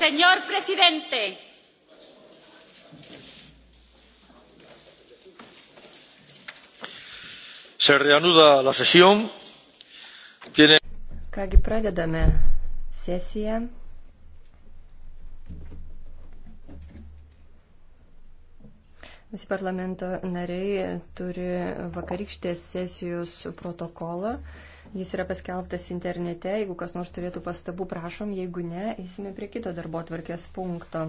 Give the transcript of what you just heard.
Señor presidente. Se reanuda la sesión. Tiene... Kągi pradedame sesiją. Visi parlamento nariai turi vakarykštės sesijos protokolą. Jis yra paskelbtas internete. Jeigu kas nors turėtų pastabų, prašom. Jeigu ne, eisime prie kito darbo tvarkės punkto.